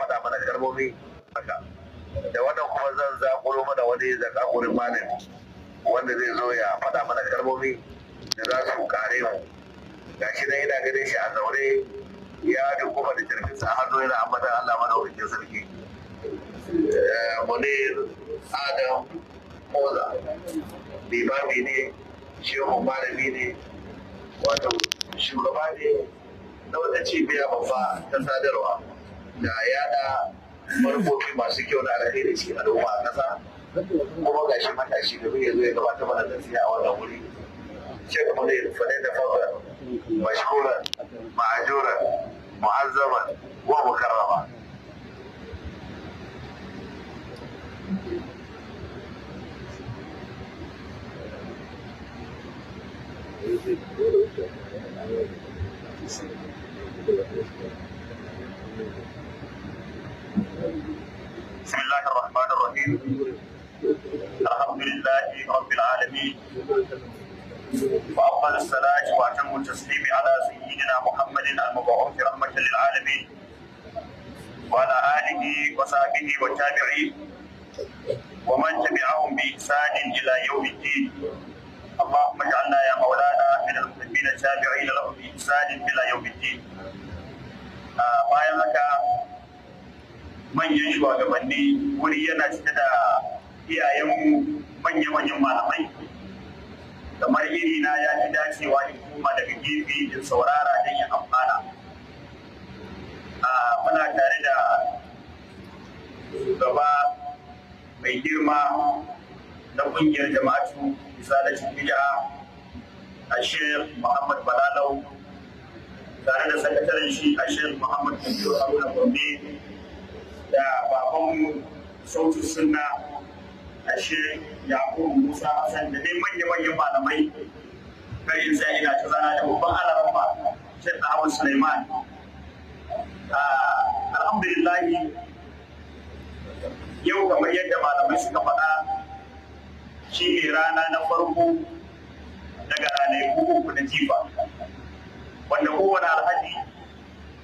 faɗa mana karbobi haka da wannan kuma zan zakulo mana wani zakakurin malami wanda zai zo ya faɗa mana karbobi da za su kare mu gashi nan ina ganin shi a zaure ya kuma da jirginsa a hannu yana ambatan Allah mana wurin sarki eh, munir adam moza limami ne shehu malami ne wato shugaba ne na wata cibiya babba ta sadarwa da da manufofi masu kyau na alaƙa cikin al'umma a ƙasa kuma ga shi matashi da bai zo ya gabata mana nasiha a wannan wuri shek ya fadai da fadar mashkuran ma'ajuran mu'azzaman wa mukarrama Thank you. بسم الله الرحمن الرحيم الحمد لله رب العالمين وأفضل الصلاة وأتم التسليم على سيدنا محمد المبعوث رحمة للعالمين وعلى آله وصحبه والتابعين ومن تبعهم بإحسان إلى يوم الدين اللهم اجعلنا يا مولانا من المسلمين التابعين لهم بإحسان إلى يوم الدين آه ما يلك manyan shugabanni wuri yana cike da iyayen manya-manyan malamai kamar iri na ya fi dacewa in kuma daga gefe da saurara don yin amfana muna tare da shugaba mai girma na kungiyar jama'atu isa da shugaba a muhammad balalau tare da sakataren shi a shek muhammad kumbiyo haruna gombe da babanmu sautu suna ashe shi yakubu musa hassan da dai manya-manyan malamai bayan sai ina ta da babban alaramba ba shi da hawan suleiman ah, alhamdulillah yau kamar yadda malamai suka faɗa shi ne rana na farko daga ranar uku na jifa wanda kowane alhaji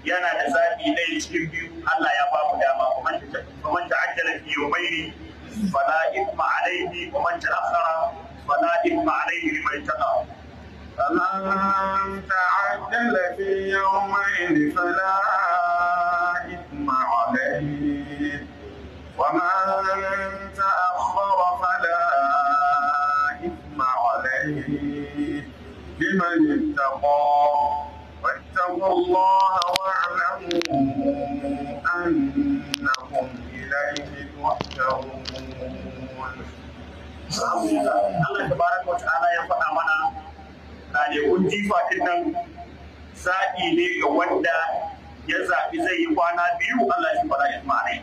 yana da zaɓi ɗaya cikin biyu Allah ya ba mu dama kuma ta ajjala fi yawmaini fala ithma alayhi wa man ta'akhkhara fala ithma alayhi liman taqa فمن تعجل في يومين فلا إثم عليه ومن تأخر fala إثم alayhi لمن اتقى واتقوا الله Allah tabaraka wa ta'ala ya faɗa mana ɗalibun jifa ɗin nan ne ga wanda ya zaɓi zai yi kwana biyu Allah shi faɗa ya ma'anai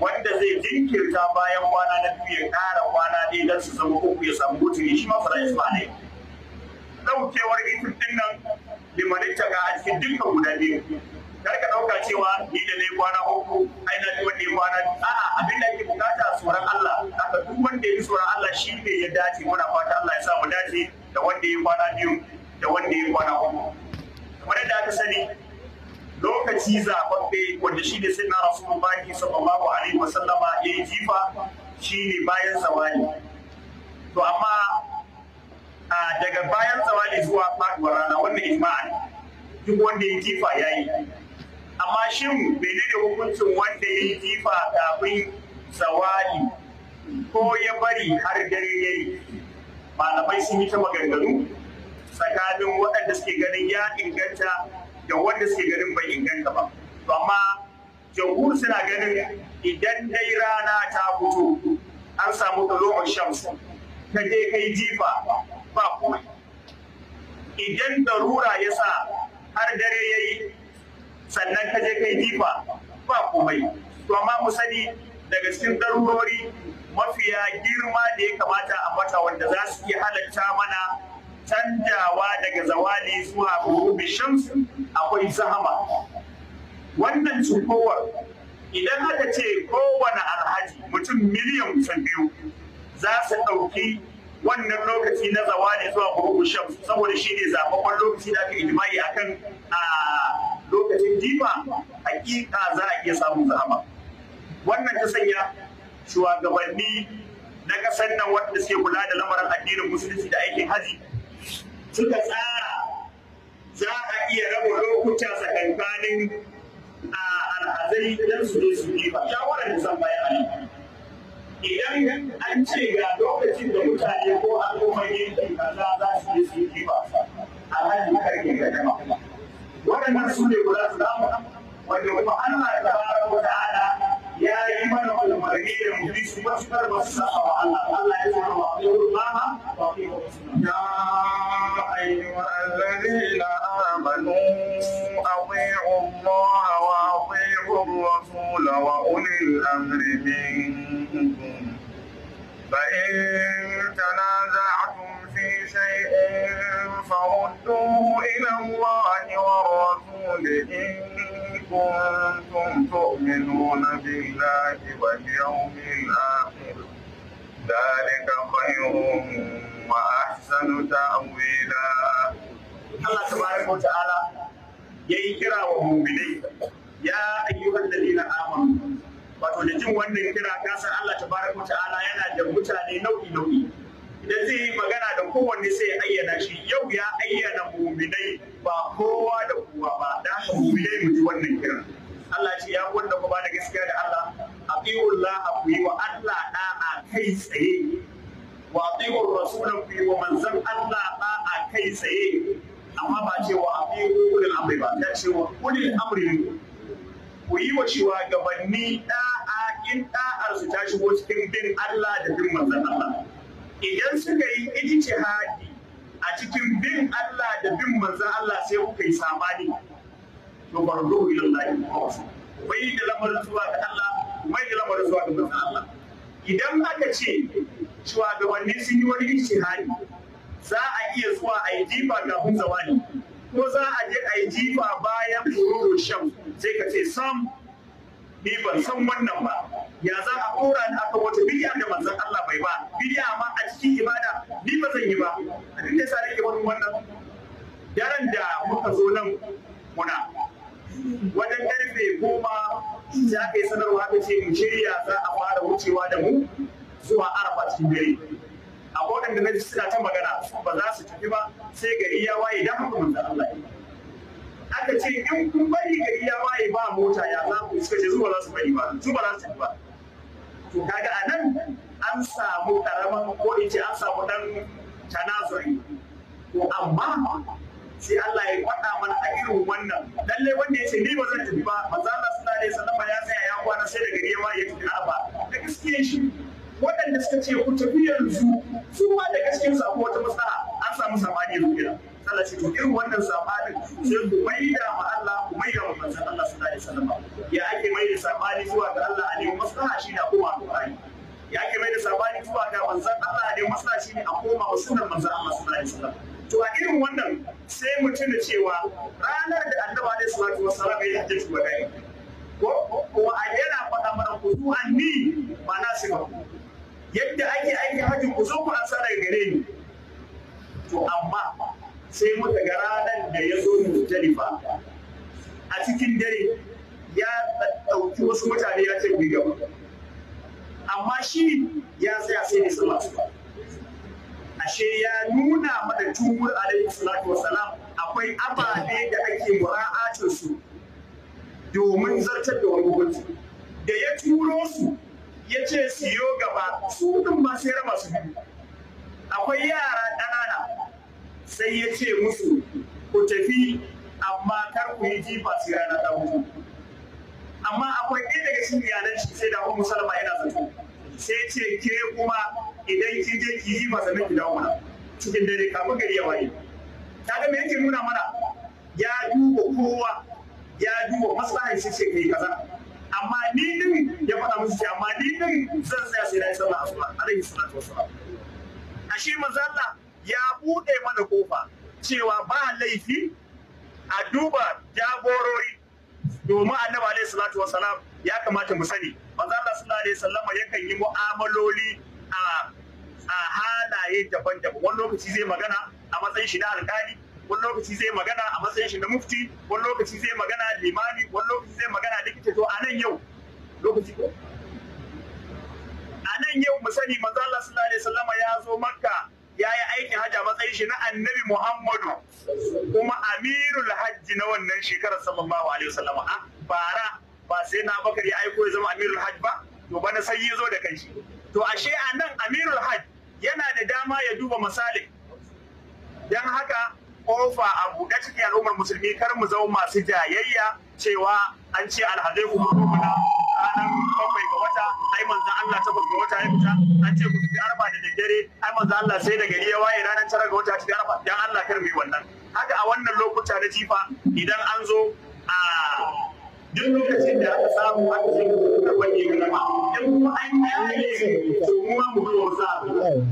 wanda zai jinkirta bayan kwana na biyu ya ƙara kwana ɗaya don su zama uku ya samu mutuni shi ma faɗa ya ma'anai ɗaukewar itin ɗin nan limanin ta ga a cikin dukkan guda biyu kar ka dauka cewa ni da nayi kwana uku ai na ji wanda ya kwana a'a abin da ake bukata tsoron Allah haka duk wanda ya yi tsoron Allah shi ne ya dace muna fata Allah ya sa mu dace da wanda ya kwana biyu da wanda ya kwana uku kamar yadda aka sani lokaci zababbe wanda shi ne sai na rasulullahi sallallahu alaihi wasallama ya yi jifa shi ne bayan zawali to amma daga bayan zawali zuwa faduwar rana wannan ijma'a duk wanda ya jifa ya amma shin menene hukuncin wanda ya yi jifa kafin zawadi ko ya bari har dare ya yi malamai sun yi ta maganganu tsakanin waɗanda suke ganin ya inganta da wanda suke ganin bai inganta ba to amma jamhur suna ganin idan dai rana ta fito an samu ɗalomar shamsu. ta je kai jifa ba kuma idan darura ya sa har dare ya yi sannan ka je kai jifa ba komai to amma mu sani daga cikin darurori mafiya girma da ya kamata a mata wanda za su iya halatta mana canjawa daga zawali zuwa gurubi shams akwai zahama wannan cunkowar, idan aka ce kowane alhaji mutum miliyan kusan biyu za su ɗauki wannan lokaci na zawa ne zuwa gurubu shams saboda shi ne zababban lokaci da aka ijimai a kan lokacin jifa hakika za a iya samun zama. wannan ta sanya shugabanni na ƙasar nan wanda suke kula da lamarin addinin musulunci da aikin haji suka tsara za a iya raba lokuta tsakankanin alhazai idan su je su jifa shawarar da zan bayan idan an ce ga lokacin da mutane ko al'ummar yanki kaza za su yi su yi ba a hannun karfe da dama waɗannan su ne guda su damu wanda kuma Allah ta bara wa ala ya yi mana umarni da mu bi su matuƙar ba su saba wa Allah Allah ya tsara wa Allah ba ya ayyuhal ladina amanu awi'u Allah wa awi'u الرسول وأولي الأمر منكم فإن تنازعتم في شيء فردوه إلى الله والرسول إن كنتم تؤمنون بالله واليوم الآخر ذلك خير وأحسن تأويلا الله سبحانه وتعالى يكرم مؤمنين ya ayyuhan ladina amanu wato da jin wannan kira ka san Allah tabaraka ta'ala yana da mutane nau'i nau'i idan zai yi magana da kowanne sai ayyana shi yau ya ayyana muminai ba kowa da kowa ba da haka muminai mu ji wannan kira Allah ce ya wanda ku ba da gaskiya da Allah atiullah ku yi wa Allah da'a kai tsaye wa atiur rasulun ku yi wa manzan Allah da'a kai tsaye amma ba ce a fi ulil amri ba ta ce wa ulil amri ku yi wa shugabanni da'a in da'ar su ta shigo cikin bin Allah da bin manzan Allah idan suka yi haɗi a cikin bin Allah da bin manzan Allah sai kuka yi samani. to barzo ila wasu. bai da lamarin zuwa ga Allah mai da lamarin zuwa ga manzan Allah idan aka ce gabanni sun yi wani haɗi, za a iya zuwa a yi jifa kafin zawani ko za a je a yi jifa bayan kururu shan sai ka ce sam ni ban san wannan ba ya za a kora ni akan wata bidiya da manzon Allah bai ba bidiya ma a cikin ibada ni ba zan yi ba a duk da sa rike wani wannan yaran da muka zo nan muna wajen karfe goma za ka yi sanarwa ta ce mu shirya za a fara wucewa da mu zuwa arafa cikin dare a waɗanda na ji suna ta magana su ba za su tafi ba sai gari ya waye don haka manzan Allah aka ce in kun bari gari ya waye ba mota ya za ku suka ce zuwa za su bari ba su ba za su tafi ba to kaga a nan an samu karaman ko in ce an samu dan tanazuri to amma sai Allah ya faɗa mana a irin wannan lallai wanda ya ce ni ba zan tafi ba manzo Allah sallallahu alaihi ba ya tsaya ya kwana sai da gari ya waye ya tafi ba da gaskiya shi waɗanda suka ce ku tafi yanzu su ma daga cikin su akwai wata matsala an samu samani ya rubuta Allah ce to irin wannan sabanin sai ku mai da ma Allah ku mai da manzon Allah sallallahu alaihi wasallam ya ake mai da samani zuwa ga Allah a neman maslaha shine a koma Qur'ani ya ake mai da samani zuwa ga manzon Allah a neman maslaha shine a koma wa sunnar manzon Allah sallallahu alaihi wasallam to a irin wannan sai mu tuna cewa ranar da Annabi alaihi salatu wasallam ya hajjaci wa dai ko ko yana faɗa mana ku zuwa ni ba na sifa yadda ake aiki haji ku zo ku ansa daga gare ni to amma sai muka ga ranar da ya zo mu mutalifa a cikin dare ya ɗauki wasu mutane ya tafi gaba amma shi ya tsaya sai da sama ashe ya nuna mana tumur alaihi salatu wasalam akwai ababe da ake mura'atun su domin zartar da wani hukunci da ya turo su ya ce siyo gaba su din ma sai raba biyu akwai yara ƙanana sai ya ce musu ku tafi amma kar ku yi jifa su yana ta mutu amma akwai ɗaya daga cikin iyalan shi sai da ku salama yana zato sai ce ke kuma idan kin je ki ki dawo mana cikin dare kafin gari ya waye ga me yake nuna mana ya duba kowa ya duba maslahan shi ce kai kaza amma ni din ya faɗa musu ce amma ni din zan tsaya sai na yi sallah asuba alaihi salatu wasalam ashe manzo Allah ya buɗe mana kofa cewa ba laifi a duba jagorori domin annabi alaihi salatu salam ya kamata mu sani manzo Allah sallallahu alaihi wasallam yakan yi mu'amaloli a a halaye daban-daban wani lokaci zai magana a matsayin shi na alƙali wani lokaci zai magana a matsayin shi na mufti wani lokaci zai magana limami wani lokaci zai magana likita to a nan yau lokaci ko a nan yau mu sani manzo Allah sallallahu alaihi wasallam ya zo makka ya yi aikin hajji a matsayin shi na annabi Muhammadu kuma amirul hajji na wannan shekarar sallallahu alaihi wasallam a bara ba sai na bakar ya aiko ya zama amirul hajji ba to bana sai ya zo da kanshi to ashe a nan amirul hajji yana da dama ya duba misali don haka kofa a buɗe cikin al'ummar musulmi kar mu zama masu jayayya cewa an ce alhazai ku mutu muna ranar bakwai ga wata ai manzan Allah takwas ga wata ya fita an ce ku tafi arba da daddare ai manzan Allah sai da gari ya waye ranar tara ga wata tafi arba dan Allah kar mu yi wannan haka a wannan lokuta na jifa idan an zo a duk lokacin da aka samu aka ce da wani gama in kuma an ne to mu ma mu zo sa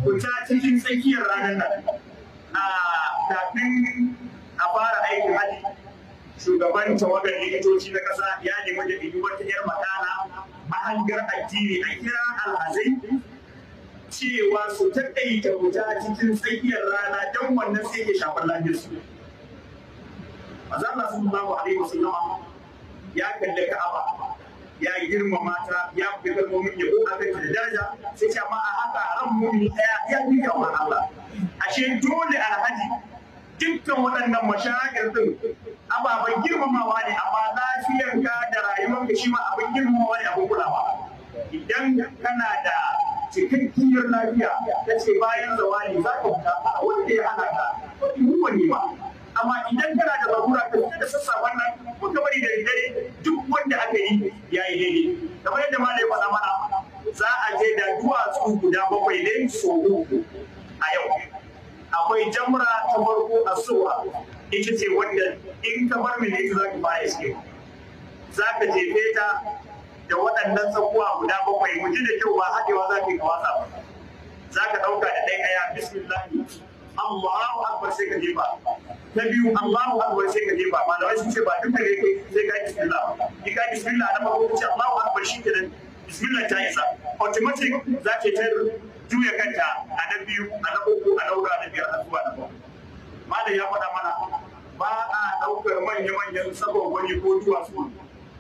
ku ta cikin tsakiyar ranar nan kafin a fara aikin hali shugaban tawagar likitoci na ƙasa ya nemi da biyu wata 'yar magana mahangar addini a kira alhazai cewa su taƙaita wuta cikin tsakiyar rana don wannan sai ke shafar lafiyarsu. Mazalla sun ba wa alaihi ya kalli ka'aba ya girma mata ya fi kalmomin yabo a kai da daraja sai ce amma a haka ran mummi ɗaya ya fi kama Allah. ashe dole alhaji dukkan waɗannan mashakar din ababen girmamawa ne amma lafiyarka da rayuwarka shi ma abin girmamawa ne abin kulawa idan kana da cikakkiyar lafiya ta ce bayan zawali za ka fita a wanda ya hana ka ruwa ne ba amma idan kana da babura ka da sassafen nan ka bari da dare duk wanda aka yi ya yi daidai kamar yadda malai faɗa mana za a je da duwatsu guda bakwai ne su uku a yau akwai jamra ta farko a suwa ita ce wanda in ka bar ita za ka fara iske za ka jefe ta da waɗannan tsakuwa guda bakwai muji da kyau ba haɗewa za ka yi ba. za ka ɗauka da ɗaya ɗaya Amma hau akbar sai ka jefa na biyu hau akbar sai ka jefa malamai sun ce ba duk da kai sai ka yi bismillah ki ka bismillah na farko ce Allahu akbar shi ke nan bismillah ta isa automatic za ta yi juya kanta a na biyu a na uku a daura da biyar a zuwa na malam ya faɗa mana ba a ɗaukar manya-manyan sabon wani ko su.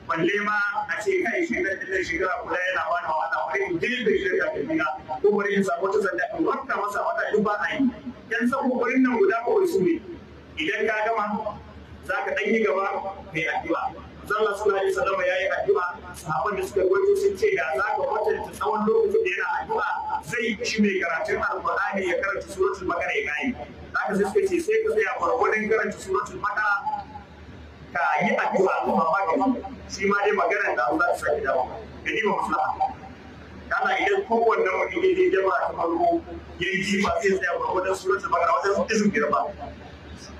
balle ma a ce kai shekara da shekara kula yana ba da wahala Wani in yin da shi da biya ko bari in samu wata sanda in wanka masa wata duk ba a yi yan sabon wani nan guda kawai su ne idan ka gama za ka ɗan yi gaba mai addu'a zalla suna yi salama ya yi addu'a abin da suka gwaito sun ce da za ka kwatanta tsawon lokacin da yana addu'a zai ci mai karatun alƙur'ani ya karanta suratul bakara ya gane haka sai suka ce sai ka tsaya gwargwadon karanta suratul bakara ka yi addu'a kuma magani shi ma dai magana da za ta saki dawo ka diba maslaha kana idan kowanne mutum ya je jama'a ta farko ya yi jifa sai tsaya gwargwadon suratul bakara wajen izin girma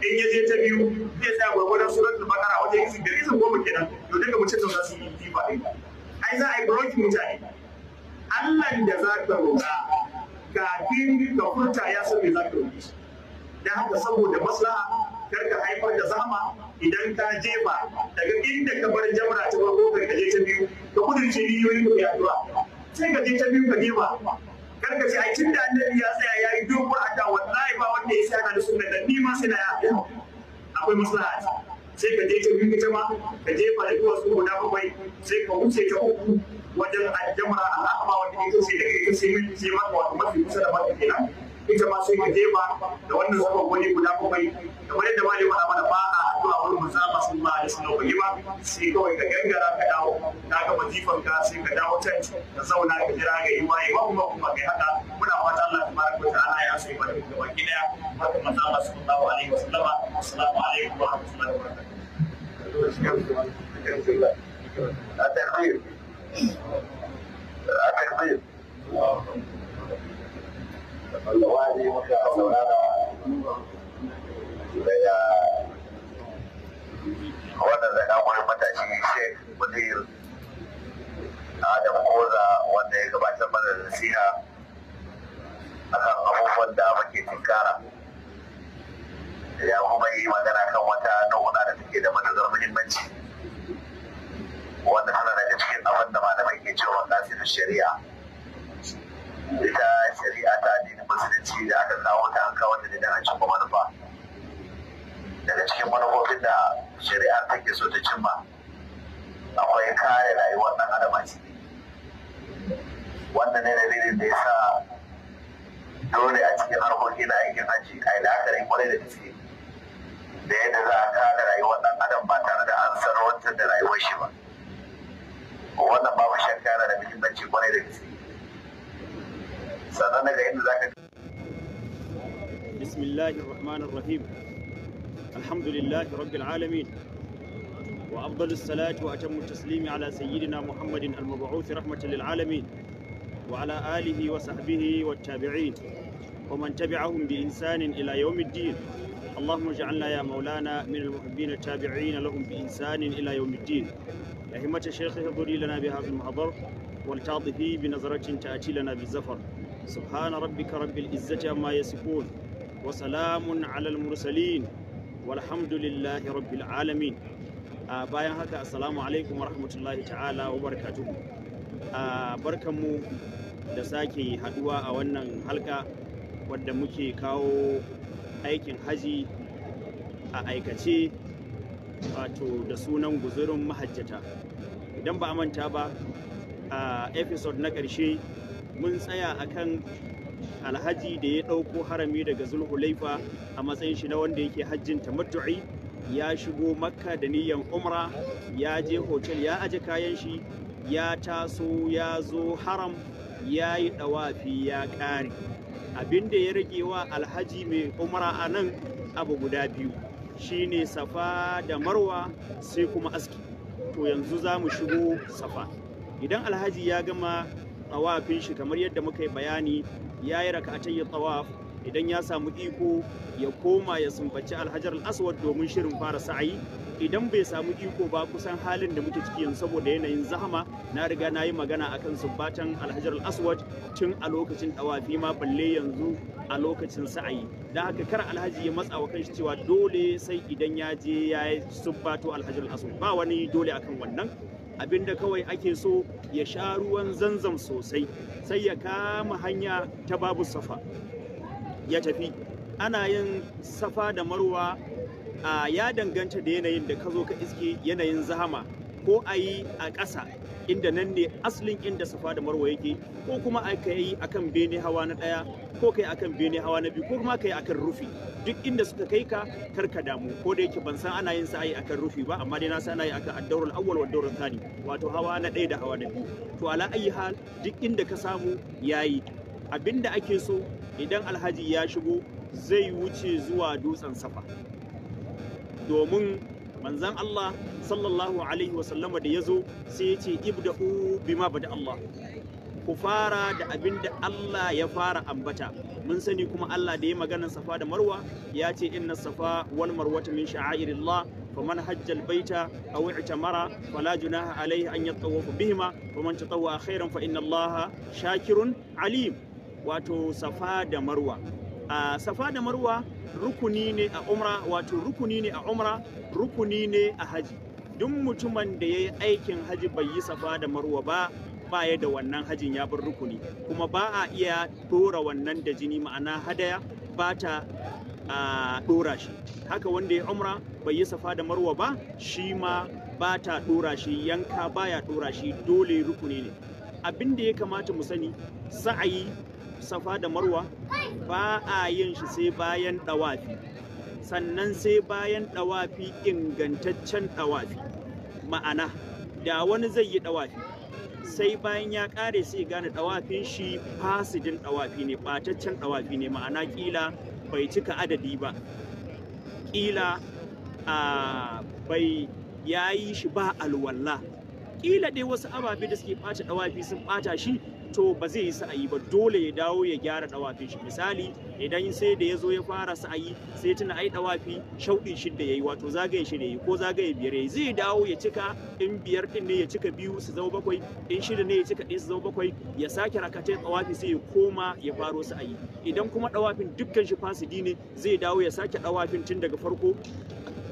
in ya je ta biyu zai tsaya gwargwadon da bakara wajen izin gari izin goma kenan to duka mutum da za su yi jifa ɗin ai za a yi burokin mutane Allah da za ka roƙa kafin ka furta ya san me za ka roƙe dan haka saboda maslaha kar ka haifar da zama idan ka jefa daga inda ka bar jamra ta ba ko ka je ta biyu ka kudurce niyoyin ku ya sai ka je ta biyu ka jefa kar ka ce ai tun da annabi ya tsaya ya yi dogo a da wallahi ba wanda ya tsaya da sunna da ni ma sai na ya akwai maslaha sai ka je ta biyu ita ma ka je fa da wasu guda bakwai sai ka wuce ta uku wajen aljama a ba wanda ya ce da kai sai mai sai ma wato mafi kusa da ke kenan ita ma sai ka jefa da wannan wani guda bakwai kamar yadda ma dai mana ba a addu'a wurin musaba sun ma da sunan bayyima sai kawai ka gangara ka dawo ka ga wazifan ka sai ka dawo can ka zauna ka jira ga yi kuma kuma kai muna fata Allah tabaraka wa ta'ala ya so ya daya haka alaihi wasallama assalamu alaikum wa rahmatullahi wa barakatuh da wani muka saurara daga wannan daga wurin matashi sheik mudir adam koza wanda ya gabatar mana da nasiha akan abubuwan da muke tinkara ya kuma yi magana kan wata nau'una da take da matuƙar muhimmanci wanda tana daga cikin abin da malamai ke cewa nasirin shari'a ita shari'a ta ne musulunci da aka kawo ta an kawo ta ne da cimma manufa daga cikin manufofin da shari'a ke so ta cimma akwai kare rayuwar ɗan adam a ciki wannan ne dalilin da ya sa dole a cikin harkoki na aikin hajji a yi la'akari kwarai da gaske da yadda za a kare rayuwar ɗan adam ba tare da an wancan da rayuwar shi ba wannan babu shakka yana da muhimmanci kwarai da gaske بسم الله الرحمن الرحيم الحمد لله رب العالمين وأفضل الصلاة وأتم التسليم على سيدنا محمد المبعوث رحمة للعالمين وعلى آله وصحبه والتابعين ومن تبعهم بإنسان إلى يوم الدين اللهم اجعلنا يا مولانا من المحبين التابعين لهم بإنسان إلى يوم الدين أهمة الشيخ اهضري لنا بهذا المحضر والتعطفي بنظرة تأتي لنا بالزفر سبحان ربك رب العزة عما يصفون وسلام على المرسلين والحمد لله رب العالمين a bayan haka a assalamu alaikum warahmatullahi ta'ala wa a a mu da sake haduwa a wannan halka wadda muke kawo aikin haji a aikace wato da sunan guzurin mahajjata idan ba a manta ba a episode na ƙarshe mun tsaya akan alhaji da ya ɗauko harami daga zulhulaifa a matsayin shi na wanda yake hajjin tamattu'i ya shigo makka da niyan umra ya je hotel ya aje kayan shi ya taso ya zo haram ya yi ɗawafi ya ƙare abin da ya rage wa alhaji mai umra a nan abu guda biyu shine safa da marwa sai kuma aski to yanzu za mu shigo safa idan alhaji ya gama tawafin shi kamar yadda muka yi bayani ya yi raka'atayyi tawaf idan ya samu iko ya koma ya sumbaci alhajar aswad domin shirin fara sa'ayi idan bai samu iko ba kusan halin da muke ciki yanzu saboda yanayin zahama na riga na yi magana akan sumbatan alhajar aswad tun a lokacin tawafi ma balle yanzu a lokacin sa'ayi da haka kar alhaji ya matsa wa kanshi cewa dole sai idan ya je ya yi sumbato alhajar aswad ba wani dole akan wannan abinda kawai ake so ya sha ruwan zanzam sosai sai ya kama hanya ta babu safa ya tafi ana yin safa da marwa a ya danganta da yanayin da ka zo ka iske yanayin zahama ko a yi a ƙasa inda nan ne asalin inda safa da marwa yake ko kuma aka yi akan bene hawa na ɗaya ko kai akan bene hawa na biyu ko kuma kai akan rufi duk inda suka kai ka karka damu ko da yake ban san ana yin sa'ayi akan rufi ba amma dai na san ana yi akan addaurul awwal wa addaurul thani wato hawa na ɗaya da hawa na biyu to ala ayi hal duk inda ka samu yayi abinda ake so idan alhaji ya shigo zai wuce zuwa dutsen safa domin manzan Allah sallallahu alaihi wasallama da ya zo sai ya ce ibda'u bima bada Allah ku fara da abin da Allah ya fara ambata mun sani kuma Allah da ya maganar safa da marwa ya ce inna safa wal marwata min sha'airillah faman hajja albaita aw i'tamara fala junaha alaihi an yatawafa bihima faman tatawwa khairan fa inna Allah shakirun alim wato safa da marwa a safa da marwa rukuni ne a umra wato rukuni ne a umra rukuni ne a haji duk mutumin da ya yi aikin haji bai yi safa da marwa ba Ba ya da wannan hajin ya bar rukuni kuma ba a iya dora wannan da jini ma'ana hadaya ba ta dora shi haka wanda ya umra bai yi safa da marwa ba shi ma ba ta dora shi yanka baya dora shi dole rukuni ne abin da ya kamata mu sani sa'ayi safa da marwa ba a yin shi sai bayan ɗawafi sannan sai bayan ɗawafi ingantaccen ɗawafi ma'ana da wani zai yi ɗawafi sai bayan ya kare sai gane ɗawafin shi fasidin ɗawafi ne ɓataccen ɗawafi ne ma'ana ƙila bai cika adadi ba ƙila a bai ya yi shi ba alwallah ƙila dai wasu ababe da suke ɓata ɗawafi sun ɓata shi to ba zai yi sa'ayi ba dole ya dawo ya gyara dawafin shi misali idan sai da ya zo ya fara sa'ayi sai tuna ai dawafi shauɗin ya yayi wato zagaye ya yayi ko zagaye biyar yayi zai dawo ya cika in biyar din ne ya cika biyu su zama bakwai in shida ne ya cika ɗaya su zama bakwai ya sake rakatai dawafi sai ya koma ya faro sa'ayi idan kuma dawafin dukkan shi fasidi ne zai dawo ya sake dawafin tun daga farko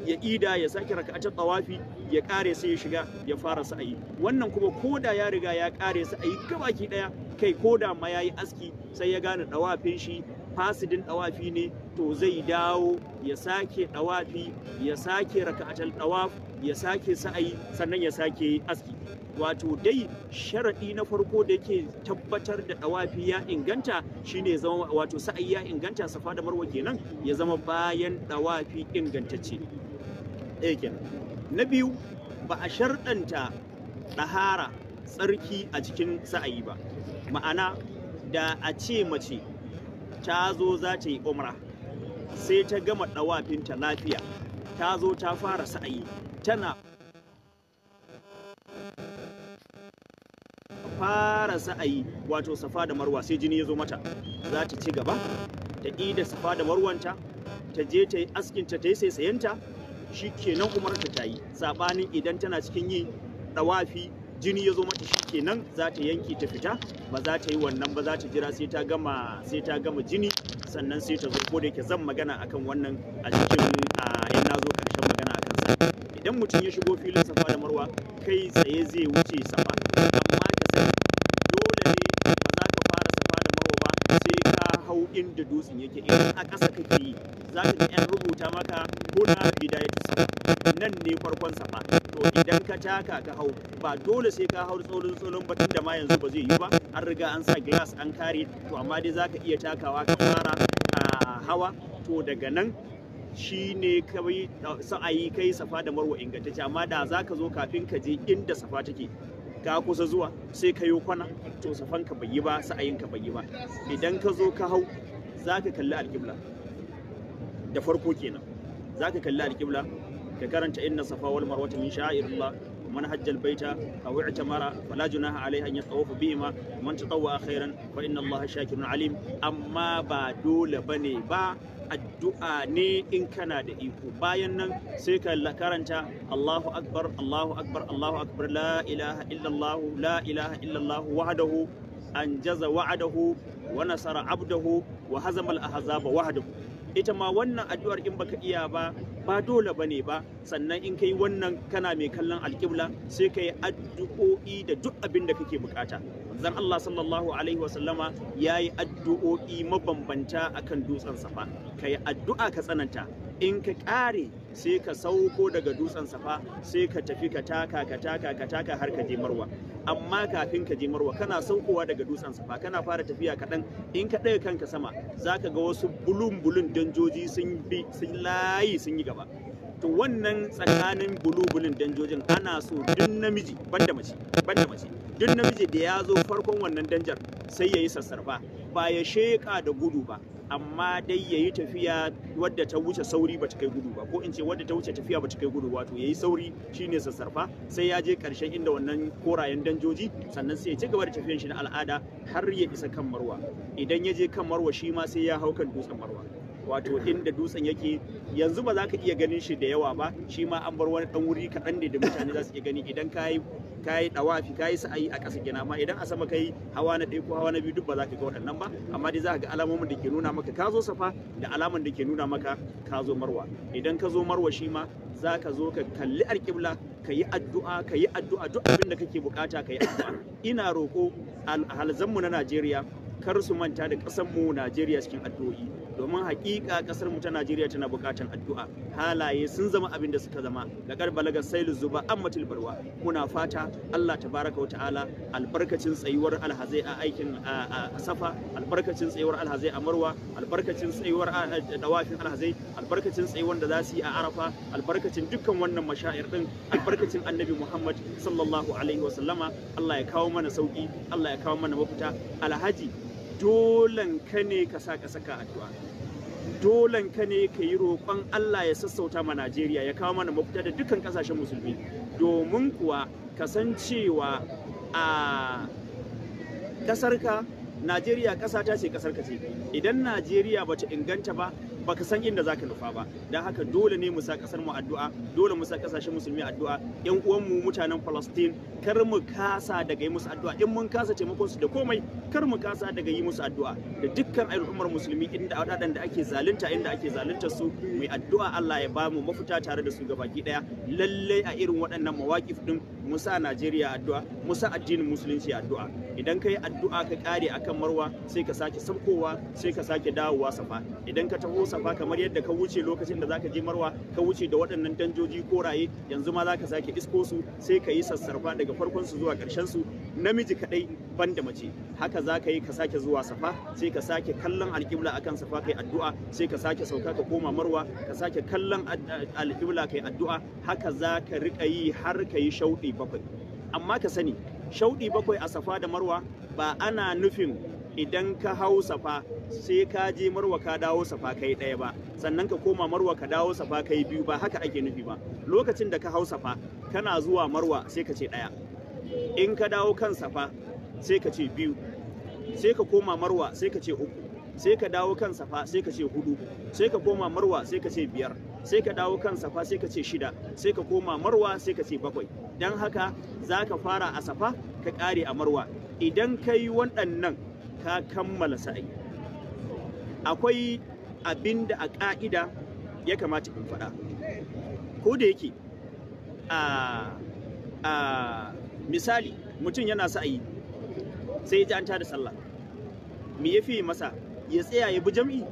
ya ida ya sake raka'atar tawafi ya kare sai ya shiga ya fara sa'ayi wannan kuma koda ya riga ya kare sa'ayi gabaki daya kai koda ma yayi aski sai ya gane dawafin shi fasidin dawafi ne to zai dawo ya sake dawafi ya sake raka'atar dawaf ya sake sa'ayi sannan ya sake aski wato dai sharaɗi na farko da yake tabbatar da ɗawafi ya inganta shine zama wato sa'ayi ya inganta safa da marwa kenan ya zama bayan ɗawafi ingantacce ɗaya na biyu ba a sharɗanta ɗahara tsarki a cikin sa'ayi ba ma'ana da a ce mace ta zo za ta yi umra sai ta gama ɗawafinta lafiya ta zo ta fara sa'ayi tana fara sa'ayi wato safa da marwa sai jini ya zo mata za ta ci gaba ta ida safa da marwanta ta je ta yi askinta ta yi sai sayanta. shi kenan umarta ta yi saɓanin idan tana cikin yin ɗawafi jini ya zo mata shi kenan za ta yanke ta fita ba za ta yi wannan ba za ta jira sai ta gama sai ta gama jini sannan sai ta zo ko da yake zan magana akan wannan a cikin in na zo ƙarshen magana akan sa idan mutum ya shigo filin safa da marwa kai tsaye zai wuce safa da dutsen yake in a ƙasa kake yi za ka ɗan rubuta maka kuna bidayatu nan ne farkon safa to idan ka taka ka hau ba dole sai ka hau tsolon tsolon batun da ma yanzu ba zai yi ba an riga an sa glass an kare to amma dai za ka iya takawa ka fara a hawa to daga nan shi ne kawai sa'ayi kai safa da marwa ingantacce amma da za ka zo kafin ka je inda safa take ka kusa zuwa sai ka yi kwana to safanka bai yi ba sa'ayinka bai yi ba idan ka zo ka hau za ka kalli alƙibla da farko kenan za ka kalli alƙibla ka karanta inna safa wal marwata min sha'irullah ومن حج البيت أو اعتمر فلا جناح عليه أن يطوف بهما ومن تطوع خيرا فإن الله شاكر عليم أما بعدول بني با addu'a ne in kana da iko bayan nan sai ka karanta Allahu akbar Allahu akbar Allahu akbar la ilaha illallah la ilaha illallah wahdahu anjaza wa'adahu wa nasara abdahu wa hazama al ahzaba wahdahu ita ma wannan addu'ar in baka iya ba ba dole bane ba sannan in kai wannan kana mai kallon alƙibla sai kai addu'o'i da duk abin da kake bukata manzon Allah sallallahu alaihi wa sallama yayi addu'o'i mabambanta akan dutsen safa kai addu'a ka tsananta in ka ƙare sai ka sauko daga dutsen safa sai ka tafi ka taka ka taka ka taka har ka je marwa amma kafin ka je marwa kana saukowa daga dutsen safa kana fara tafiya kaɗan in ka ɗaya kanka sama zaka ga wasu bulun bulun danjoji sun sun layi sun yi gaba to wannan tsakanin bulubulin danjojin ana so duk namiji banda mace banda mace duk namiji da ya zo farkon wannan danjar sai ya yi sassarfa ba ya sheƙa da gudu ba amma dai ya yi tafiya wadda ta wuce sauri ba ta kai gudu ba ko in ce wadda ta wuce tafiya ba ta kai gudu wato ya yi sauri ne sassarfa sai ya je karshen inda wannan korayen danjoji sannan sai ya ci gaba da tafiyan shi na al'ada har ya isa kan marwa idan ya je kan marwa shi ma sai ya hau kan dutsen marwa wato inda dutsen yake yanzu ba za ka iya ganin shi da yawa ba shi ma an bar wani dan wuri kaɗan ne da mutane za su iya gani idan ka yi ka yi dawafi ka yi sa'ayi a ƙasa gina amma idan a sama ka yi hawa na ɗaya ko hawa na biyu duk ba za ka ga waɗannan ba amma dai za ka ga alamomin da ke nuna maka ka zo safa da alaman da ke nuna maka ka zo marwa idan ka zo marwa shi ma za ka zo ka kalli alƙibla ka yi addu'a ka yi addu'a duk abin da kake bukata ka yi addu'a ina roƙo alhalzanmu na Najeriya kar su manta da mu Najeriya cikin addu'o'i domin hakika kasar mu ta Najeriya tana bukatan addu'a halaye sun zama abin da suka zama ga balaga sailu zuba ammatul barwa muna fata Allah tabaraka wa ta'ala albarkacin tsayuwar alhazai a aikin safa albarkacin tsayuwar alhazai a marwa albarkacin tsayuwar dawafin alhazai albarkacin tsayuwar da za su yi a arafa albarkacin dukkan wannan mashayar din albarkacin annabi Muhammad sallallahu alaihi wa sallama Allah ya kawo mana sauki Allah ya kawo mana mafita alhaji dolan ka ne ka sa ka saka addu'a dolan ka ne ka yi roƙon Allah ya sassauta ma Najeriya ya kawo mana mafita da dukkan ƙasashen musulmi domin kuwa cewa a ƙasarka Najeriya ƙasa ta ce ka ce idan Najeriya bata inganta ba baka san inda zaka nufa ba dan haka dole ne mu sa kasar mu addu'a dole mu sa kasashen musulmi addu'a yan uwan mu mutanen Palestine kar mu kasa daga yi musu addu'a in mun kasa taimakon su da komai kar mu kasa daga yi musu addu'a da dukkan al'ummar musulmi inda da ake zalunta inda ake zalunta su mai addu'a Allah ya bamu mafita tare da su gabaki daya lallai a irin waɗannan mawakif din sa Najeriya addu'a musa addinin musulunci addu'a idan ka yi addu'a ka kare akan marwa sai ka sake saukowa sai ka sake dawowa safa idan ka taho safa kamar yadda ka wuce lokacin da zaka je marwa ka wuce da waɗannan danjoji ko raye yanzu ma zaka sake isko su sai ka yi sassarfa daga farkon su zuwa ƙarshen su namiji kadai ban da mace haka zaka yi ka sake zuwa safa sai ka sake kallon alƙibla akan safa kai addu'a sai ka sake sauka ka koma marwa ka sake kallon alƙibla kai addu'a haka zaka rika yi har ka yi shauɗi bakwai amma ka sani shauɗi bakwai a safa da marwa ba ana nufin idan ka hau safa sai ka je marwa ka dawo safa kai ɗaya ba sannan ka koma marwa ka dawo safa kai biyu ba haka ake nufi ba lokacin da ka hau safa kana zuwa marwa sai ka ce ɗaya in ka dawo kan safa sai ka ce biyu sai ka koma marwa sai ka ce uku sai ka dawo kan safa sai ka ce hudu sai ka koma marwa sai ka ce biyar sai ka dawo kan safa sai ka ce shida sai ka koma marwa sai ka ce bakwai don haka za ka fara a safa ka kare a marwa idan ka yi waɗannan ka kammala sa'i akwai abin da a ƙa'ida ya kamata in faɗa ko da yake a misali mutum yana sa'ayi sai ya ji an tada sallah me ya fi masa ya tsaya ya bi jam'i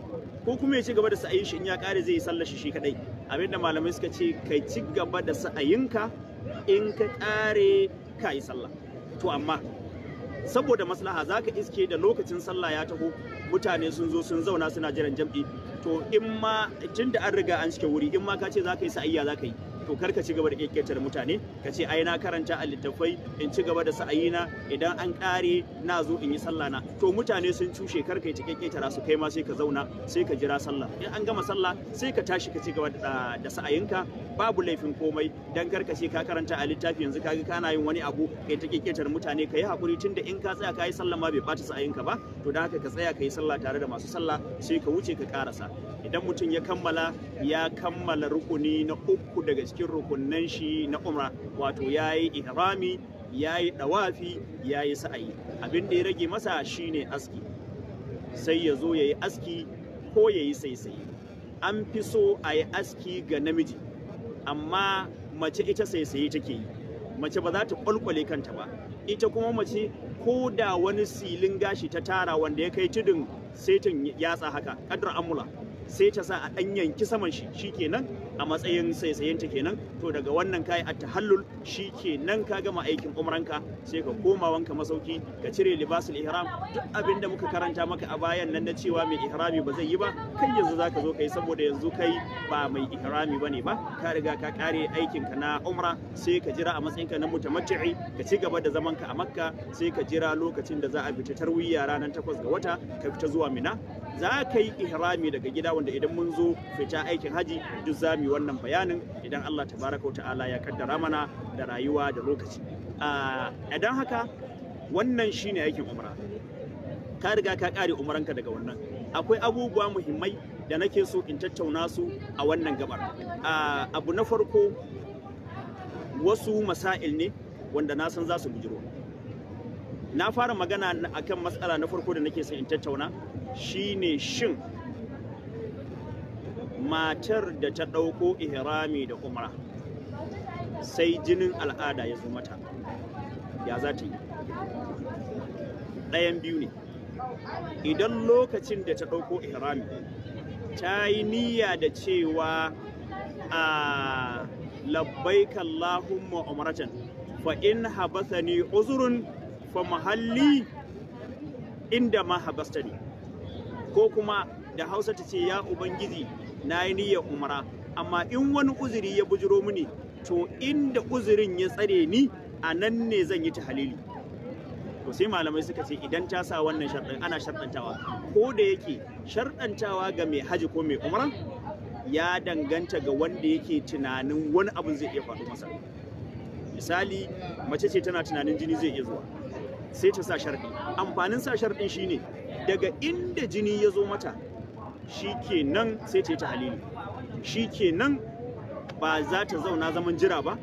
ko kuma ya ci gaba da sa'ayin shi in ya kare zai yi sallar shi shi kadai abin da malamai suka ce kai ci gaba da sa'ayinka in ka kare ka yi sallah to amma saboda maslaha za ka iske da lokacin sallah ya taho mutane sun zo sun zauna suna jiran jam'i to in ma tun an riga an cike wuri in ma ka ce za ka yi sa'ayya za ka yi to kar ka ci gaba da kekketar mutane ka ce ai na karanta a littafai in ci gaba da sa'ayina idan an ƙare na zo in yi sallah na to mutane sun cushe kar ka yi ta su kai ma sai ka zauna sai ka jira sallah in an gama sallah sai ka tashi ka ci gaba da sa'ayinka babu laifin komai dan kar ka ce ka karanta a littafi yanzu kaga kana yin wani abu kai ta kekketar mutane ka yi hakuri tunda in ka tsaya ka yi sallah ma bai bata sa'ayinka ba to da haka ka tsaya ka yi sallah tare da masu sallah sai ka wuce ka karasa idan mutum ya kammala ya kammala rukuni na uku daga cikin rukunnan shi na umra wato ya yi ihrami ya yi dawafi ya yi sa'ayi abin da ya rage masa shine aski sai ya zo ya yi aski ko ya yi saisaye an fi so a yi aski ga namiji amma mace ita saisaye take yi mace ba za ta kwalkwale kanta ba ita kuma mace ko da wani silin gashi ta tara wanda ya kai tudun setin yatsa haka kadar amula sai ta sa a ɗan yanki saman shi shi kenan a matsayin ta kenan to daga wannan kai a tahallul shi kenan ka gama aikin umranka sai ka koma wanka masauki ka cire libasul ihram duk abin da muka karanta maka a bayan nan na cewa mai ihrami ba zai yi ba kai yanzu zaka zo kai saboda yanzu kai ba mai ihrami bane ba ka riga ka kare aikinka na umra sai ka jira a matsayin ka na mutamatti'i ka ci gaba da zaman ka a makka sai ka jira lokacin da za a fita tarwiyya ranar takwas ga wata ka fita zuwa mina za ka yi ihrami daga gida wanda idan mun zo fita aikin haji duk za mu wannan bayanin idan Allah tabaraka ta'ala ya kaddara mana da rayuwa da lokaci idan haka wannan shine aikin umra ka riga ka kare umranka daga wannan akwai abubuwa muhimmai da nake so in tattauna su a wannan gabar abu na farko wasu masail ne wanda na san za su bujiro na fara magana akan matsala na farko da nake son in tattauna shine shin matar da ta ɗauko ihrami da umra sai jinin al'ada ya zo mata ya za ta yi ɗayan biyu ne idan lokacin da ta ɗauko ihrami ta yi niyya da cewa a labbaikan lahun Umaratan, fa in ne uzurun fa mahalli inda ma ne. ko kuma da hausa ta ce ya ubangiji na yi niyyar umara amma in wani uzuri ya bujiro mini to inda uzurin ya tsare ni a nan ne zan yi ta halili to sai malamai suka ce idan ta sa wannan sharɗin ana sharɗantawa ko da yake sharɗantawa ga mai haji ko mai umara ya danganta ga wanda yake tunanin wani abu zai iya faɗo masa misali mace ce tana tunanin jini zai iya zuwa sai ta sa sharɗi amfanin sa sharɗin shine daga inda jini ya zo mata shi ke nan sai ta yi ta halili shi ke nan ba za ta zauna zaman jira ba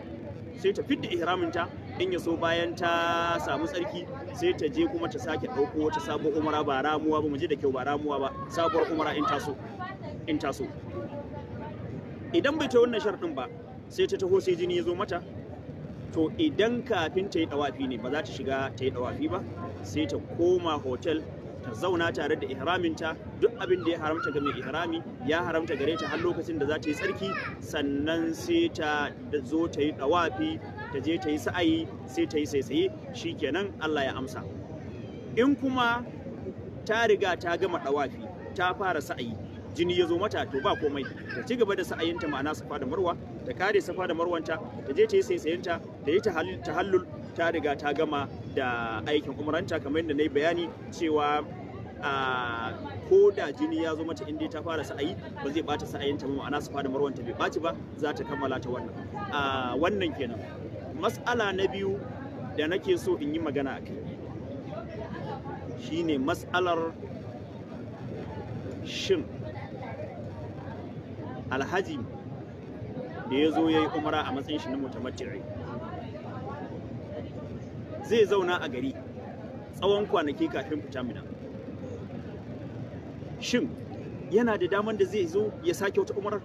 sai ta fidda ihraminta in ya so bayan ta samu tsarki sai ta je kuma ta sake ɗauko wata sabuwar umara ba ramuwa ba mu da kyau ba ramuwa ba sabuwar umara in taso in taso idan bai ta wannan sharɗin ba sai ta taho sai jini ya zo mata to idan kafin ta yi ɗawafi ne ba za ta shiga ta yi ɗawafi ba sai ta koma hotel ta zauna tare da ihraminta duk abin da ya haramta ga mai ihrami ya haramta gare ta har lokacin da za ta yi tsarki sannan sai ta zo ta yi dawafi ta je ta yi sa'ayi sai ta yi saisaye shikenan Allah ya amsa in kuma ta riga ta gama dawafi ta fara sa'ayi jini ya zo mata to ba komai ta ci gaba da sa'ayinta ma'ana safa da marwa ta kare safa da marwanta ta je ta yi saisayinta da yi ta tahallul ta riga ta gama da aikin umaranta kamar yadda na yi bayani cewa a ko da jini ya zo mata inda ta fara sa'ayi ba zai bata sa'ayinta ba ma'ana su fara marwanta bai baci ba za ta kammala ta wannan a wannan kenan mas'ala na biyu da nake so in yi magana a shi shine mas'alar shin alhaji da ya zo ya yi umara a matsayin shi na mutamati'i zai zauna a gari tsawon kwanaki kafin fita mina shin yana da daman da zai zo ya sake wata umarar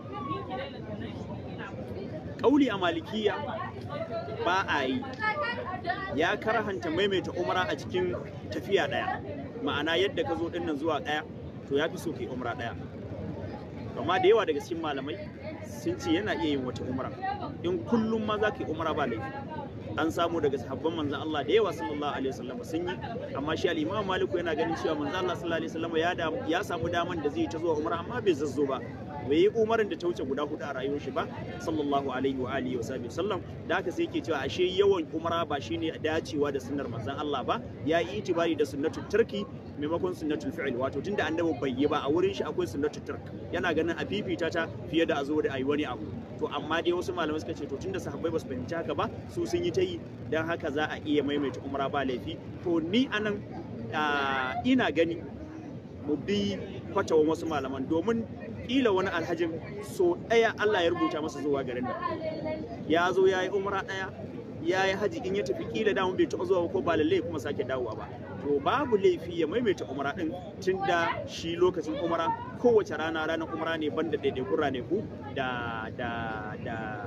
kauli a malikiya ba a yi ya karahanta maimaita umara a cikin tafiya ɗaya ma'ana yadda ka zo dinnan zuwa ɗaya to ya fi so umara ɗaya amma da yawa daga cikin malamai sun ce yana iya yin wata umara in kullum ma za ka yi umara ba laifi an samu daga sahabban manzan Allah da yawa sallallahu alaihi wasallam sun yi amma shi al Maliku yana ganin cewa manzan Allah sallallahu alaihi wasallam ya samu daman da zai ta zuwa Umar amma bai zazzo ba bai yi umarin da ta wuce guda hudu a rayuwar shi ba sallallahu alaihi wa alihi wa sallam da haka sai yake cewa ashe yawan umara ba shine dacewa da sunnar manzon Allah ba ya yi itibari da sunnatu turki maimakon sunnatul fi'l wato tunda annabi bai yi ba a wurin shi akwai sunnatul turk yana ganin a fifita ta fiye da a zo da ayi wani abu to amma dai wasu malamai suka ce to tunda sahabbai basu fahimci haka ba su sun yi ta yi dan haka za a iya maimaita umara ba laifi to ni anan ah, ina gani mu bi wa wasu malaman domin ƙila wani alhajin so ɗaya Allah ya rubuta masa zuwa garin nan ya zo ya yi umra ɗaya ya yi haji in ya tafi ƙila damun bai taɓa zuwa ko ba lallai kuma sake dawowa ba to babu laifi ya maimaita umra tun da shi lokacin umra kowace rana ranar umra ne banda ne ku da da da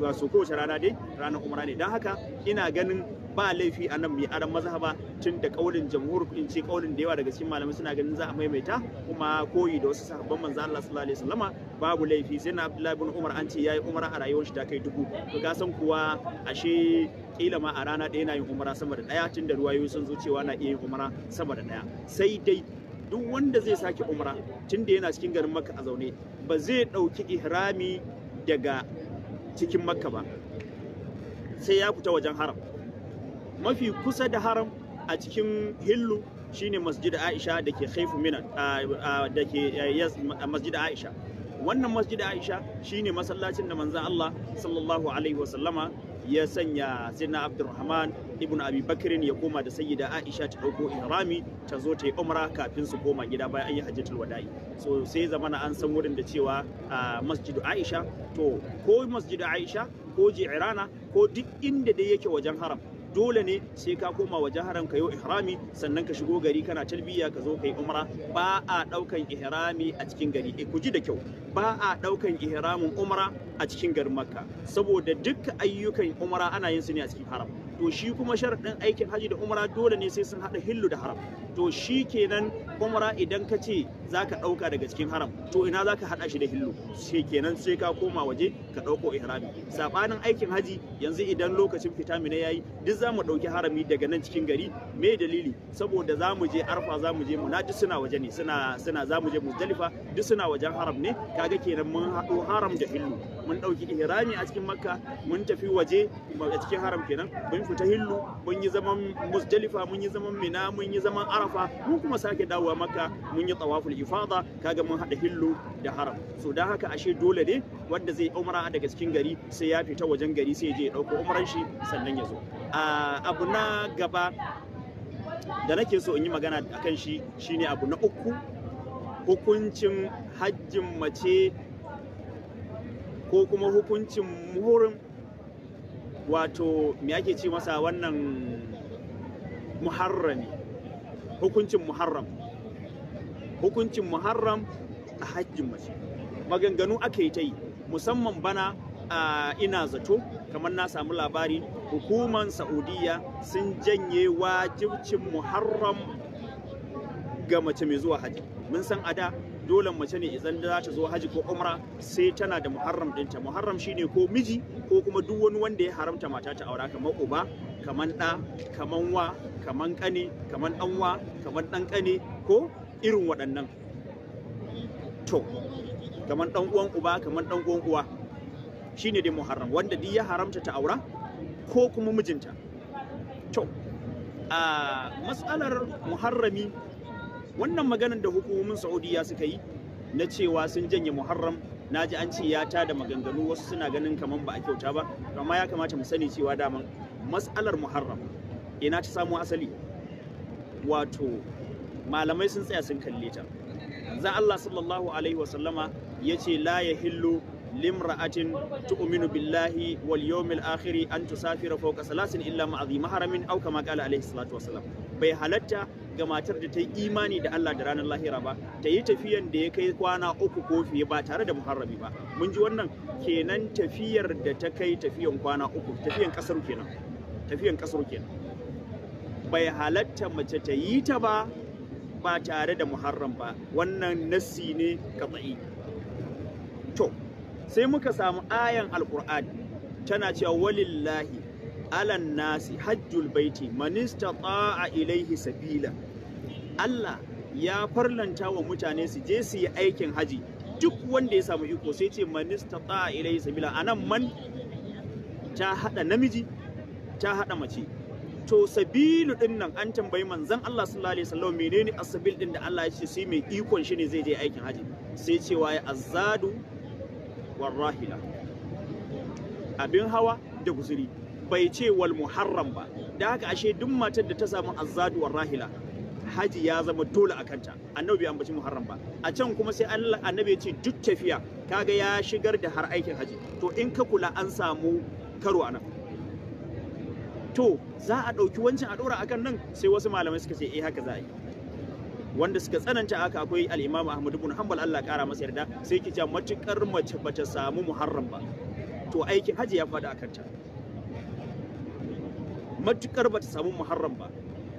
wasu kowace rana dai ranar umra ne don haka ina ganin ba laifi a nan mu yi maza ba tun da kaulin jamhur in ce kaulin da yawa daga cikin malamai suna ganin za a maimaita kuma koyi da wasu sahabban manzo Allah sallallahu alaihi wasallama babu laifi sai na Abdullahi ibn Umar an ce yayi umara a rayuwar shi ta kai dubu to ka san kuwa ashe kila ma a rana ɗaya na yin umara sama da ɗaya tun da ruwayoyi sun zo cewa na iya yin umara sama da ɗaya sai dai duk wanda zai sake umara tun da yana cikin garin makka a zaune ba zai ɗauki ihrami daga cikin makka ba sai ya fita wajen haram mafi kusa da haram a cikin hillu shine masjid aisha da ke haifu minan da ke eh, masjid aisha wannan masjid aisha shine masallacin da manzan allah sallallahu alaihi wasallama ya sanya sina abdurrahman ibn abi bakirin ya koma da sayyida aisha ta dauko ihrami ta zo ta yi umra kafin su koma gida bayan an yi hajjatul wada'i so sai zamana an san wurin da cewa masjid aisha to ko masjid aisha ko ji'rana ko duk inda da yake wajen haram dole ne sai ka koma waje haram ka yau ihrami sannan ka shigo gari kana talbiya ka zo ka yi umra ba a daukan ihrami a cikin gari e ku ji da kyau ba a daukan ihramin umra a cikin garin makka saboda duk ayyukan umra ana yin su ne a cikin haram to shi kuma sharaɗin aikin haji da umara dole ne sai sun haɗa hillu da haram to shi kenan umra idan ka ce za ka ɗauka daga cikin haram to ina za ka haɗa shi da hillu sai kenan sai ka koma waje ka ɗauko ihrami saɓanin aikin haji yanzu idan lokacin fita mina yi, duk za mu ɗauki harami daga nan cikin gari me dalili saboda za mu je arfa za mu je muna duk suna waje ne suna za mu je muzdalifa duk suna wajen haram ne kaga kenan mun haɗo haram da hillu mun ɗauki ihrami a cikin makka mun tafi waje a cikin haram kenan mun fita hillu mun yi zaman muzdalifa mun yi zaman mina mun yi zaman arafa mun kuma sake dawowa makka mun yi tawaful ifada kaga mun haɗa hillu da haram so dan haka ashe dole ne wanda zai umra daga cikin gari sai ya fita wajen gari sai je ya ɗauko umran shi sannan ya zo abu na gaba da nake so in yi magana akan shi shine abu na uku hukuncin hajjin mace ko kuma hukuncin muhurin wato me ake ce masa wannan muharrami hukuncin muharram hukuncin muharram a hajjin mace maganganu ake ta yi musamman bana a ina zato kamar na samu labari hukuman saudiya sun janye wajibcin muharram ga mace mai zuwa haji mun san a da dole mace ne idan za ta zo haji ko umra sai tana da muharram dinta muharram shine ko miji ko kuma duk wani wanda ya haramta mata ta aura kamar uba kamar ɗa kamar wa kamar ƙane kamar wa kamar ɗan ƙane ko irin waɗannan to kamar ɗan uwan uba kamar ɗan uwan uwa shine dai muharram wanda duk ya haramta ta aura ko kuma mijinta to a matsalar muharrami wannan maganar da hukumomin saudiya suka yi na cewa sun janye muharram na ji an ce ya ta da maganganu wasu suna ganin kamar ba a kyauta ba amma ya kamata mu sani cewa daman matsalar muharram ina ta samu asali wato malamai sun tsaya sun kalle ta za Allah sallallahu alaihi sallama ya ce la ya hillu limra'atin tu'minu billahi wal yawmil akhiri an tusafira fawqa salasin illa ma'azi maharamin aw kama qala alaihi salatu wasallam bai halatta ga matar da ta yi imani da Allah da ranar lahira ba ta yi tafiyan da ya kai kwana uku ko fiye ba tare da muharrami ba mun ji wannan kenan tafiyar da ta kai tafiyan kwana uku tafiyan kasar kenan tafiyan kasar kenan bai halatta mace ta yi ta ba ba tare da muharram ba wannan nassi ne katsa'i to sai muka samu ayan alqur'ani tana cewa walillahi alan nasi hajjul baiti man istata'a ilaihi sabila Allah ya farlanta wa mutane su je su yi aikin haji duk wanda ya samu iko sai ce manista ta ilai sabila a nan man ta haɗa namiji ta haɗa mace to sabilu din nan an tambayi manzon Allah sallallahu alaihi wasallam menene asabil din da Allah ya ce sai mai ikon shi ne zai je aikin haji sai cewa ya azadu warrahila abin hawa da guzuri bai ce wal muharram ba da haka ashe duk matar da ta samu azadu rahila. haji ya zama dole a kanta annabi bai ambaci muharram ba a can kuma sai Allah annabi ya ce duk tafiya kaga ya shigar da har aikin haji to in ka kula an samu karo anan to za a ɗauki wancan a ɗora akan nan sai wasu malamai suka ce eh haka za a yi wanda suka tsananta haka akwai al ahmadu bin ibn Hanbal Allah kara masa yarda sai ki ja matukar mace bata samu muharram ba to aikin haji ya faɗi akan ta matukar bata samu muharram ba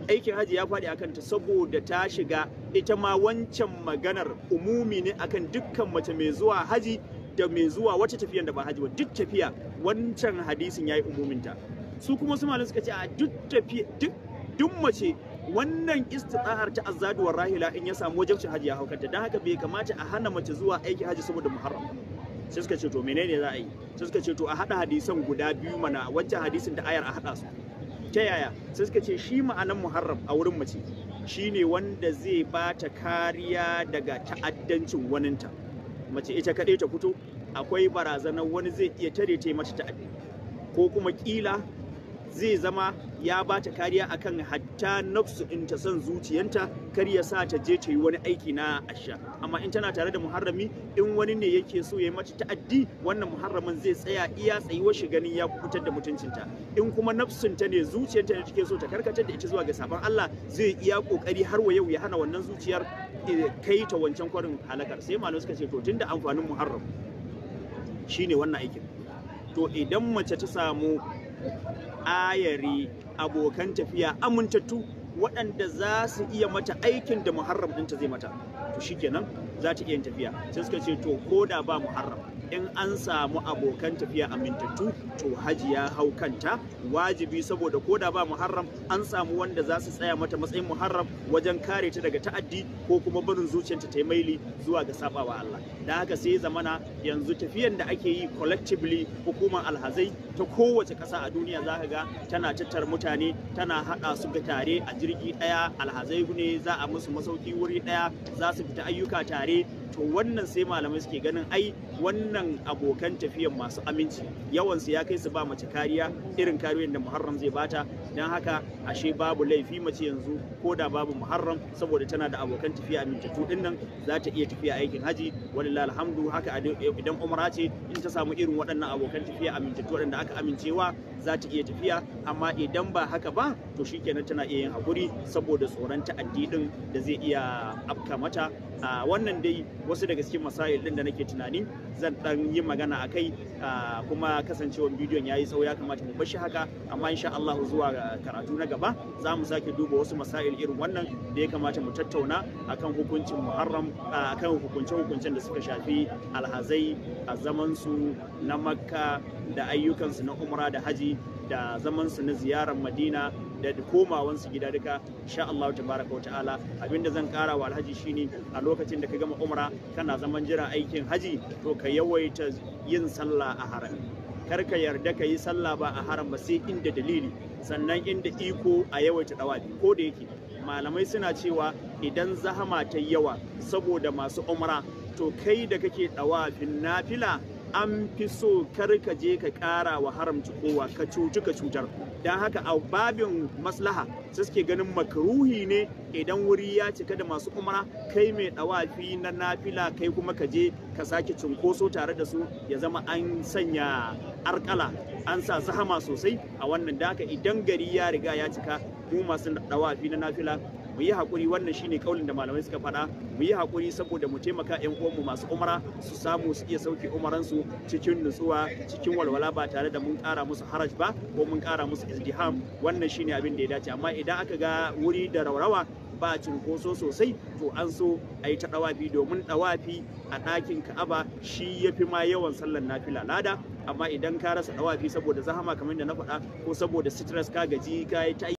aikin haji ya faɗi akan ta saboda ta shiga ita ma wancan maganar umumi ne akan dukkan mace mai zuwa haji da mai zuwa wata tafiyan da ba haji ba duk tafiya wancan hadisin yayi umuminta su kuma su malam suka ce a duk tafiya duk duk mace wannan istitahar ta azzaduwar rahila in ya samu wajibcin haji ya haukanta don haka bai kamata a hana mace zuwa aiki haji saboda muharram sai suka ce to menene za a yi sai suka ce to a hada hadisan guda biyu mana wancan hadisin da ayar a hada su ta yaya sai suka ce shi ma'anan muharram a wurin mace shi ne wanda zai ba ta kariya daga ta'addancin waninta mace ita kaɗai ta fito akwai barazanar wani zai iya tare ta mata ta'addi ko kuma ƙila zai zama ya ba ta kariya akan hatta nafsu in ta son zuciyanta kar ya sa ta je ta yi wani aiki na asha amma in tana tare da muharrami in wani ne yake so ya yi mata ta'addi wannan muharramin zai tsaya iya tsayuwar shi ganin ya kubutar da mutuncinta in kuma nafsun ta ne zuciyanta ne take so ta karkatar da ita zuwa ga sabon Allah zai iya kokari har wa yau ya hana wannan zuciyar eh, kai ta wancan kwarin halakar sai malamai suka ce to tunda amfanin muharram shine wannan aikin to idan mace ta samu ayari abokan tafiya amintattu waɗanda za su iya mata aikin da muharram ɗinta zai mata to shikenan za ta iya tafiya sai suka ce to ko da ba muharram in an samu abokan tafiya amintattu to haji ya hau kanta wajibi saboda ko da ba muharram an samu wanda za su tsaya mata matsayin muharram wajen kare ta daga ta'addi ko kuma barin zuciyarta ta maili zuwa ga sabawa Allah da haka sai zamana yanzu tafiyan da ake yi collectively hukumar alhazai ta kowace ƙasa a duniya za ka ga tana tattar mutane tana haɗa su ga tare a jirgi ɗaya alhazai ne za a musu masauki wuri ɗaya za su fita ayyuka tare to wannan sai malamai suke ganin ai wannan abokan tafiyan masu aminci yawansu ya kai su ba mace kariya irin kariyar da muharram zai bata don haka ashe babu laifi mace yanzu ko da babu muharram saboda tana da abokan tafiya amintattu din nan za ta iya tafiya aikin haji walillahi alhamdu haka idan umra ce in ta samu irin waɗannan abokan tafiya amintattu waɗanda aka amincewa za ta iya tafiya amma idan ba haka ba to shikenan tana iya yin hakuri saboda tsoron ta'addi din da zai iya afka mata wannan dai wasu daga cikin masayil din da nake tunani zan dan yi magana a kai kuma kasancewar bidiyon ya yi tsawo ya kamata mu bar shi haka amma insha Allah zuwa karatu na gaba za mu sake duba wasu masail irin wannan da ya kamata mu tattauna akan hukuncin muharram akan hukunce hukuncen da suka shafi alhazai a zaman su na makka da ayyukansu na umra da haji da zaman su na ziyarar madina da komawansu gida duka insha Allah tabaraka wa ta'ala da zan kara wa alhaji shine a lokacin da ka gama umra kana zaman jiran aikin haji to ka yawaita yin sallah a harami kar ka yarda ka yi sallah ba a haram ba sai inda dalili sannan inda iko a yawaita dawali ko da yake malamai suna cewa idan zahama ta yawa saboda masu umra to kai da kake dawafin nafila an fi so kar ka je ka kara wa haramci kowa ka cuci ka cutar don haka a babin maslaha suke ganin makaruhi ne idan wuri ya cika da masu umara kai mai dawafi na nafila kai kuma ka je ka sake cunkoso tare da su ya zama an sanya arkala an sa zahama sosai a wannan da haka idan gari ya riga ya cika mu masu dawafi na nafila mu yi hakuri wannan shine kaulin da malamai suka faɗa mu yi hakuri saboda mu taimaka yan uwanmu masu umara su samu su iya sauke umaransu cikin nutsuwa cikin walwala ba tare da mun ƙara musu haraj ba ko mun ƙara musu izdiham wannan shine abin da ya dace amma idan aka ga wuri da raurawa ba cunkoso sosai to an so a yi ta ɗawafi domin ɗawafi a ɗakin ka'aba shi ya fi ma yawan sallan nafila lada amma idan ka rasa ɗawafi saboda zahama kamar da na faɗa ko saboda stress ka gaji ka yi ta